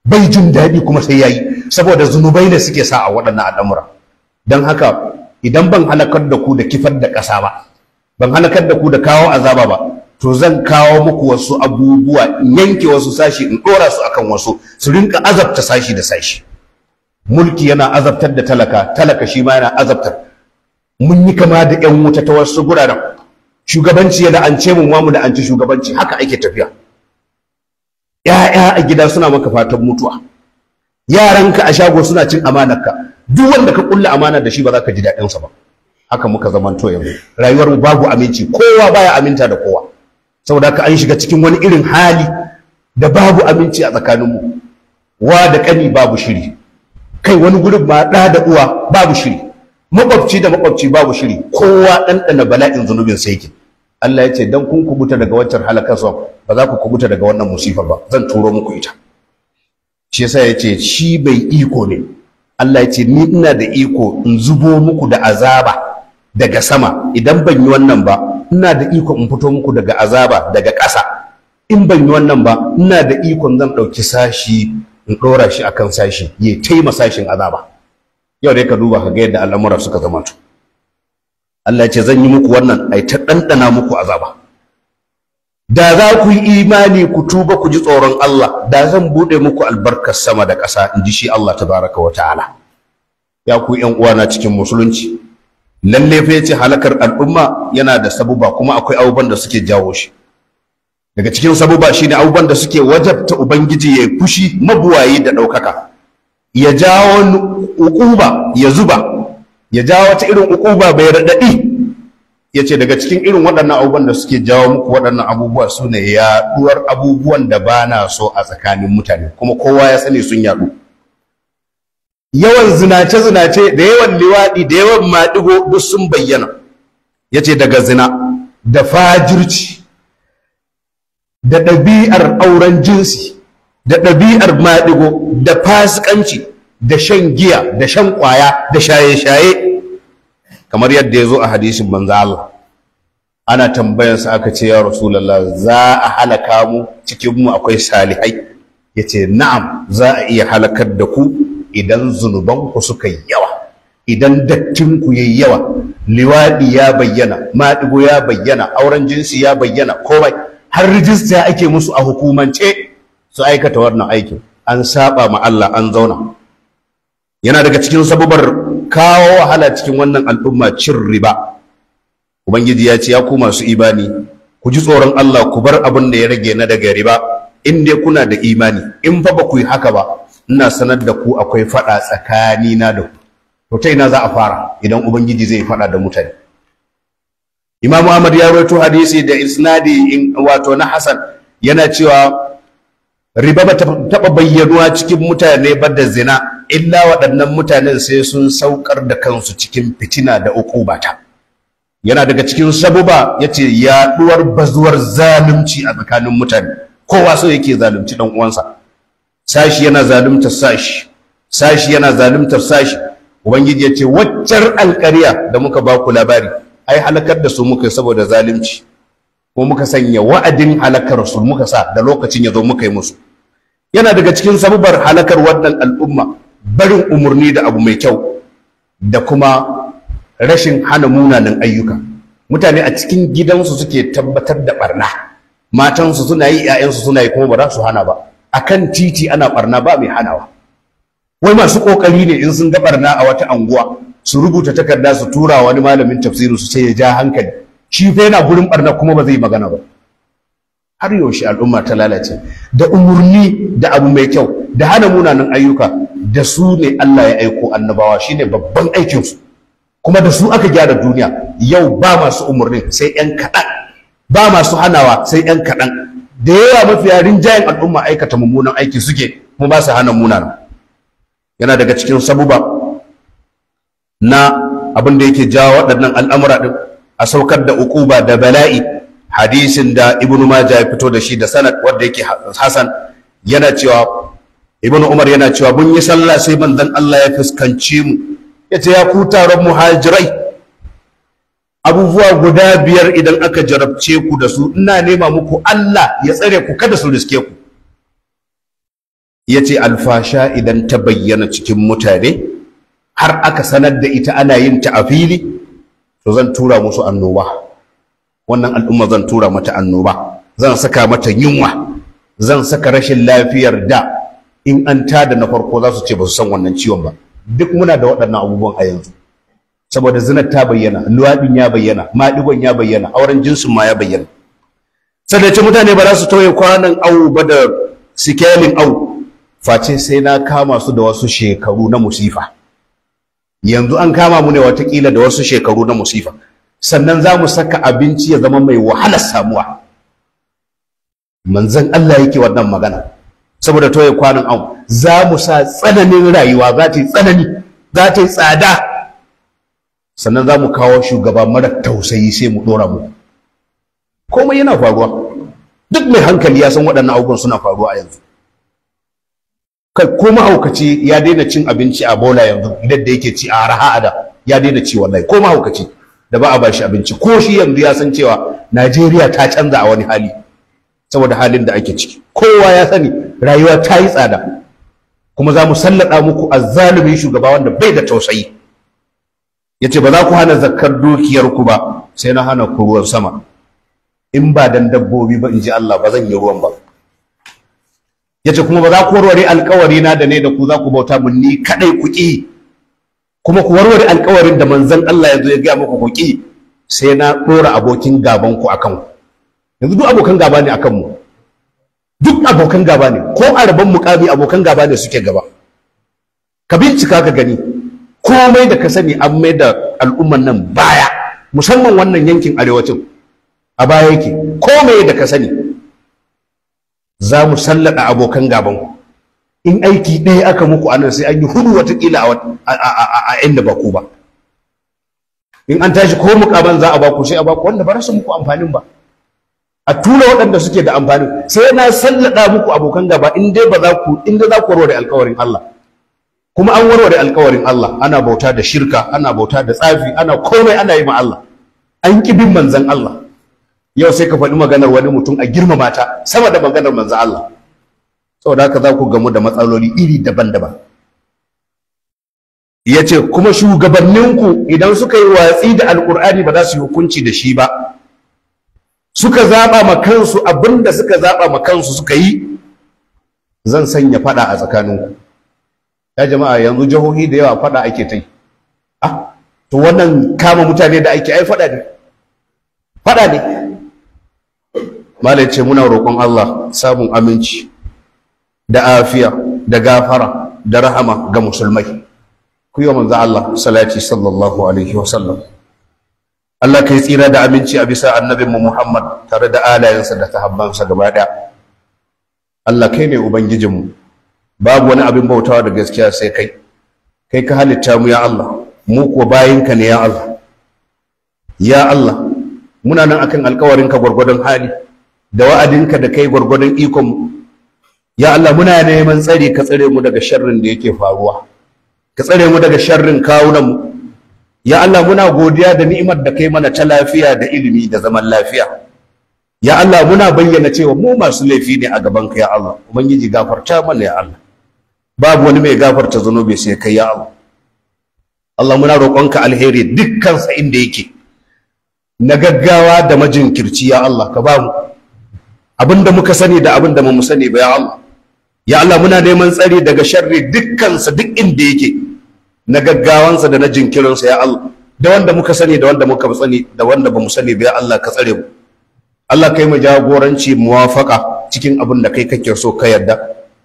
bai jin daɗi kuma sai ya yi, saboda zunubai ne suke sa a waɗannan al'amura don haka idan ban halakar da ku da kifar da ƙasa ba ban halakar da ku da kawo azaba ba to zan kawo muku wasu abubuwa in yanke wasu sashi in ɗora su akan wasu su rinka azabta sashi da sashi mulki yana azabtar da talaka talaka shi ma yana azabtar mun yi kama da 'yan wuta ta wasu guraren shugabanci ya la'ance mu mu la'anci shugabanci haka ake tafiya 'ya'ya a gida suna maka fatan mutuwa yaranka a shago suna cin amanar ka, duk wanda ka kulla amana da shi ba za ka ji daɗinsa ba haka muka zaman zamanto yanzu rayuwar mu babu aminci kowa baya aminta da kowa saboda haka an shiga cikin wani irin hali da babu aminci a tsakanin mu wa da kani babu shiri kai wani gurin ma ɗa da uwa babu shiri makwabci da makwabci babu shiri kowa ɗanɗana bala'in zunubin sai Allah ya ce dan kun kubuta daga waccan sa ba za ku kubuta daga wannan musifar ba zan turo muku ita shi yasa ya ce shi bai iko ne Allah ya ce ni ina da iko in zubo muku da azaba daga sama idan ban yi wannan ba ina da iko in fito muku daga azaba daga ƙasa in ban yi wannan ba ina da ikon zan ɗauki sashi in ɗora shi akan sashi ya taima sashin azaba yau dai ka duba ka ga yadda al'amura suka zama to Allah ce zan yi muku wannan ai ta dandana muku azaba da za ku yi imani ku tuba ku ji tsoron Allah da zan buɗe muku albarkar sama da ƙasa in ji shi Allah tabaraka wa ta'ala ya ku 'yan uwana cikin musulunci lalle fa yace halakar al'umma yana da sabuba kuma akwai abubuwan da suke jawo shi daga cikin sabuba shine abubuwan da suke wajabta ubangiji ya fushi mabuwayi da ɗaukaka ya jawo ukuba ya zuba ya jawo wata irin ukuba bai raɗaɗi ya ce daga cikin irin waɗannan abubuwan da suke jawo muku waɗannan abubuwa su ne yaɗuwar abubuwan da ba na so a tsakanin mutane kuma kowa ya sani sun yaɗu yawan zinace-zinace da yawan liwaɗi da yawan maɗigo duk sun bayyana ya ce daga zina da fajirci da ɗabi'ar auren jinsi da ɗabi'ar maɗigo da fasikanci da shan giya da shan kwaya da shaye-shaye kamar yadda ya zo a hadisin manzo Allah ana tambayansa aka ce ya rasulullah za a halaka mu cikin mu akwai salihai Ya ce na'am za a iya halakar da ku idan zunubanku suka yi yawa idan dattinku yi yawa liwaɗi ya bayyana maɗigo ya bayyana auren jinsi ya bayyana komai har rijista ake musu a hukumance su aikata wannan aikin an saba ma Allah an zauna yana daga cikin sababar kawo wahala cikin wannan al'umma cin riba ubangiji ya ce ya ku masu imani ku ji tsoron Allah ku bar abin da ya rage na daga riba in dai kuna da imani in fa ba ku yi haka ba ina sanar da ku akwai fada tsakani na da ku to ta ina za a fara idan ubangiji zai fada da mutane Imam Ahmad ya rawaito hadisi da isnadi in wato na Hasan yana cewa riba ba ta taba bayyanuwa cikin mutane ba da zina illa waɗannan mutanen sai sun saukar da kansu cikin fitina da uku bata yana daga cikin sabuba yace yaɗuwar bazuwar zalunci a tsakanin mutane kowa so yake zalunci dan uwansa sashi yana zaluntar sashi sashi yana zaluntar sashi ubangiji yace waccar alƙarya da muka ba ku labari ai halakar da su muka saboda zalunci ko muka sanya wa'adin halakar su muka sa da lokacin ya zo muka yi musu yana daga cikin sabubar halakar wannan al'umma barin umarni da abu mai kyau da kuma rashin hana munanan ayyuka mutane a cikin gidansu suke tabbatar da barna matansu suna yi 'ya'yansu suna yi kuma ba za su hana ba akan titi ana barna ba mai hanawa wai masu kokari ne in sun ga barna a wata anguwa su rubuta takarda su tura wani malamin tafsiri su sai ya ja hankali shi fa yana gurin barna kuma ba zai magana ba har yaushe al'umma ta lalace da umurni da abu mai kyau da hana munanan ayyuka da su ne Allah ya aiko annabawa shine babban aikinsu. kuma da su aka gyara duniya yau ba masu umarni sai yan kaɗan ba masu hanawa sai yan kaɗan da yawa mafiya rinjayen al'umma aikata mummunan aiki suke kuma ba su hana munana yana daga cikin sabuba na abin da yake jawo waɗannan al'amura ɗin a saukar da ukuba da bala'i hadisin da ibnu maja ya fito da shi da sanad wanda yake hasan yana cewa ibn umar yana cewa mun yi sallah sai manzon Allah ya fuskanci mu yace ya ku taron muhajirai abubuwa guda biyar idan aka jarabce ku da su ina nema muku Allah ya tsare ku kada su riske ku yace alfasha idan ta bayyana cikin mutane har aka sanar da ita ana yin ta a fili to zan tura musu annoba wannan al'umma zan tura mata annoba zan saka mata yunwa zan saka rashin lafiyar da in an tada na farko za su ce ba su san wannan ciwon ba duk muna da waɗannan abubuwan a yanzu saboda zinar ta bayyana luwaɗin ya bayyana maɗigon ya bayyana auren jinsin ma ya bayyana ce mutane ba za su tauye kwanan awu ba da sikelin awu face sai na kama su da wasu shekaru na musifa yanzu an kama mu ne watakila da wasu shekaru na musifa sannan za mu saka abinci ya zama mai wahalar samuwa manzon Allah yake wannan magana saboda toye kwanan au za mu sa tsananin rayuwa za ta yi tsanani za ta yi tsada sannan za mu kawo shugaba mara tausayi sai mu dora mu komai yana faruwa duk mai hankali ya san waɗannan abubuwan suna faruwa a yanzu kai ko mahaukaci ya daina cin abinci a bola yanzu idan da yake ci a raha ada ya daina ci wallahi ko mahaukaci da ba a ba shi abinci ko shi yanzu ya san cewa Najeriya ta canza a wani hali saboda halin da ake ciki kowa ya sani rayuwa ta yi tsada kuma za mu sallada muku azzalumin shugaba wanda bai da tausayi ya ce ba za ku hana zakar dukiyarku ba sai na hana ku ruwan sama in ba dan dabbobi ba in ji Allah ba zan yi ruwan ba ya ce kuma ba za ku warware alkawari na da ne da ku za ku bauta mun ni kadai ku ki kuma ku warware alkawarin da manzon Allah ya zo ya gaya muku ku ki sai na dora abokin gaban ku akan ku yanzu duk abokan gaba ne akan mu duk abokan gaba ne ko a rabon mukami abokan gaba ne suke gaba ka bincika ka gani komai da ka sani an mai da al'umman nan baya musamman wannan yankin arewacin a baya yake komai da ka sani za mu sallada abokan gaban ku in aiki ɗaya aka muku anan sai an yi hudu watakila a inda ba ba in an tashi ko mukaban za a baku sai a baku wanda ba rasa muku amfanin ba a tura waɗanda suke da amfani sai na sallada muku abokan gaba in dai ba za ku in za ku warware alƙawarin Allah kuma an warware alƙawarin Allah ana bauta da shirka ana bauta da tsafi ana komai ana yi ma Allah an ki bin manzon Allah yau sai ka faɗi maganar wani mutum a girmama ta sama da maganar manzon Allah saboda haka za ku gamu da matsaloli iri daban-daban ya ce kuma shugabanninku idan suka yi watsi da Alkur'ani, ba za su yi hukunci da shi ba suka zaɓa ma kansu abinda suka zaɓa ma kansu suka yi zan sanya faɗa a tsakaninku ya jama'a yanzu jihohi da yawa faɗa ake ta ah to wannan kama mutane da ake ai faɗa ne faɗa ne malai muna roƙon Allah samun aminci da afiya da gafara da rahama ga musulmai ku yi wa manzo Allah salati sallallahu alaihi wa sallam Allah kai tsira da aminci a bisa annabinmu Muhammad tare da alayensa da tahabbansa gaba ɗaya Allah kai ne ubangijinmu babu wani abin bautawa da gaskiya sai kai kai ka halitta mu ya Allah mu kuwa bayinka ne ya Allah ya Allah muna nan akan alkawarinka gwargwadon hali da wa'adinka da kai gwargwadon ikon mu ya Allah muna neman tsari ka tsare mu daga sharrin da yake faruwa ka tsare mu daga sharrin kawunan mu ya Allah muna godiya da ni'imar da kai mana ta lafiya da ilimi da zaman lafiya ya Allah muna bayyana cewa mu masu laifi ne a gaban ka ya Allah ubangiji gafarta mana ya Allah babu wani mai gafarta zunubi sai kai ya Allah Allah muna roƙonka alheri dukkan sa inda yake na gaggawa da majinkirci ya Allah ka ba mu abinda muka sani da abinda mu sani ba ya Allah ya Allah muna neman tsari daga sharri dukkan sa duk inda yake na gaggawansa da na jinkirinsa ya Allah da wanda muka sani da wanda muka sani da wanda bamu sani ba ya Allah ka tsare mu Allah kai mu jagoranci muwafaka cikin abin da kai kake so ka yarda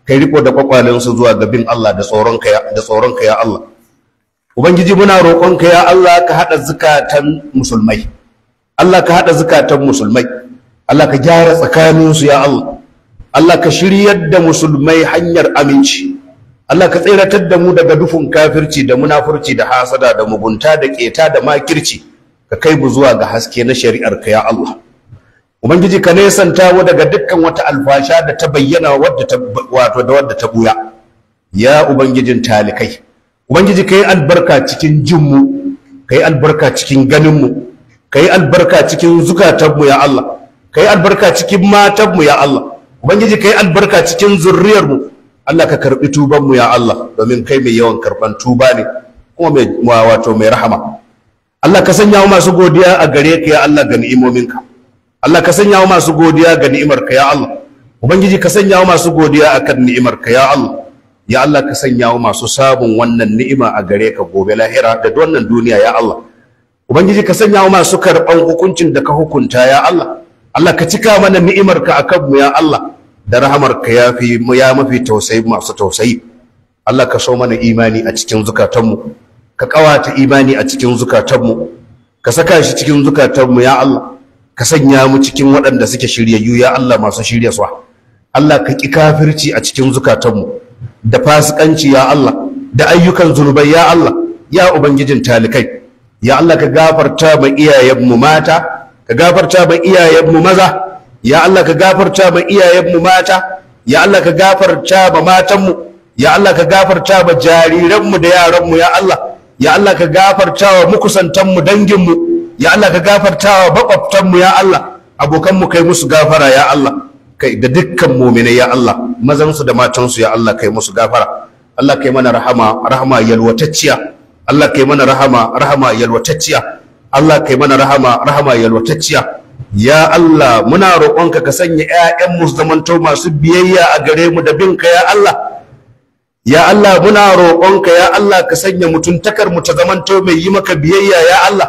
kai riko da kwakwalen su zuwa gabin Allah da tsoron ka da tsoron ka ya Allah ubangiji muna roƙon ka ya Allah ka hada zakatan musulmai Allah ka hada zakatan musulmai Allah ka gyara tsakaninsu ya Allah Allah ka shiryar da musulmai hanyar aminci Allah ka tseratar da mu daga dufin kafirci da munafurci da hasada da mugunta da keta da makirci ka kai mu zuwa ga haske na shari'ar ka ya Allah ubangiji ka nesanta mu daga dukkan wata alfasha da ta bayyana wadda ta wato da wadda ta buya ya ubangijin talikai ubangiji kai albarka cikin jin ka kai albarka cikin ganin ka kai albarka cikin mu ya Allah kai albarka cikin matan mu ya Allah ubangiji kai albarka cikin mu. Allah ka karbi tuban mu ya Allah domin kai mai yawan karban tuba ne kuma mai wato mai rahama Allah ka sanya mu masu godiya a gare ka ya Allah ga ni'imominka Allah ka sanya mu masu godiya ga ni'imarka ya Allah ubangiji ka sanya mu masu godiya akan ni'imarka ya Allah ya Allah ka sanya mu masu sabon wannan ni'ima a gare ka gobe lahira da wannan duniya ya Allah ubangiji ka sanya mu masu karban hukuncin da ka hukunta ya Allah Allah ka cika mana ni'imarka akan mu ya Allah da rahamarka ya fi ya mafi tausayi masu tausayi Allah ka so mana imani a cikin zukatanmu ka kawata imani a cikin zukatanmu ka saka shi cikin zukatanmu ya Allah ka sanya mu cikin waɗanda suke shiryayyu ya Allah masu shirya su Allah ka ki kafirci a cikin zukatanmu da fasikanci ya Allah da ayyukan zunubai ya Allah ya ubangijin talikai ya Allah ka gafarta ma iyayenmu mata ka gafarta ma iyayenmu maza ya Allah ka gafarta ma iyayenmu mata ya Allah ka gafarta ma matanmu ya Allah ka gafarta ma jariranmu da yaranmu ya Allah ya Allah ka gafarta wa mukusantanmu danginmu ya Allah ka gafarta wa bakwabtanmu ya Allah abokanmu kai musu gafara ya Allah kai da dukkan muminai ya Allah mazansu da matansu ya Allah kai musu gafara Allah kai mana rahama rahama yalwatacciya Allah kai mana rahama rahama yalwatacciya Allah kai mana rahama rahama yalwatacciya ya Allah muna roƙonka ka sanya yayanmu su zamanto masu biyayya a gare mu da binka ya Allah ya Allah muna roƙonka ya Allah ka sanya mutuntakar mu ta zamanto mai yi maka biyayya ya Allah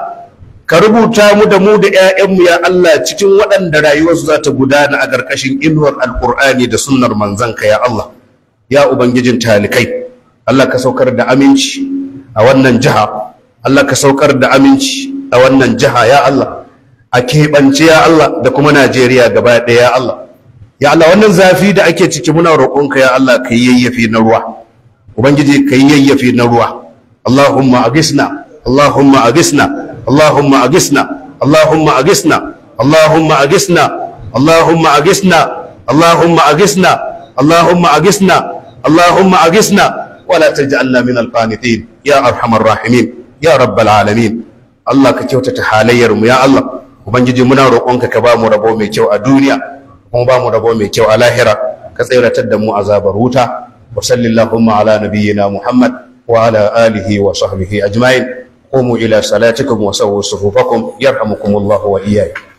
ka rubuta mu da mu da yayanmu ya Allah cikin waɗanda rayuwarsu za ta gudana a ƙarƙashin inuwar alƙur'ani da sunnar manzanka ya Allah ya ubangijin talikai Allah ka saukar da aminci a wannan jiha Allah ka saukar da aminci a wannan jiha ya Allah ake bance ya Allah da kuma Najeriya gaba daya ya Allah ya Allah wannan zafi da ake ciki muna roƙonka ya Allah kai yayyafi na ruwa ubangiji kai yayyafi na ruwa Allahumma agisna Allahumma agisna Allahumma agisna Allahumma agisna Allahumma agisna Allahumma agisna Allahumma agisna Allahumma agisna Allahumma agisna ولا تجعلنا من القانطين يا أرحم الراحمين يا رب العالمين الله كتوتة حاليرم يا الله ubangiji muna roƙonka ka ba mu rabo mai kyau a duniya kuma ba mu rabo mai kyau a lahira ka tsiratar da mu azabar wuta wa sallallahu ala nabiyyina muhammad wa ala alihi wa sahbihi ajma'in قوموا إلى صلاتكم وسووا صفوفكم يرحمكم الله وإياكم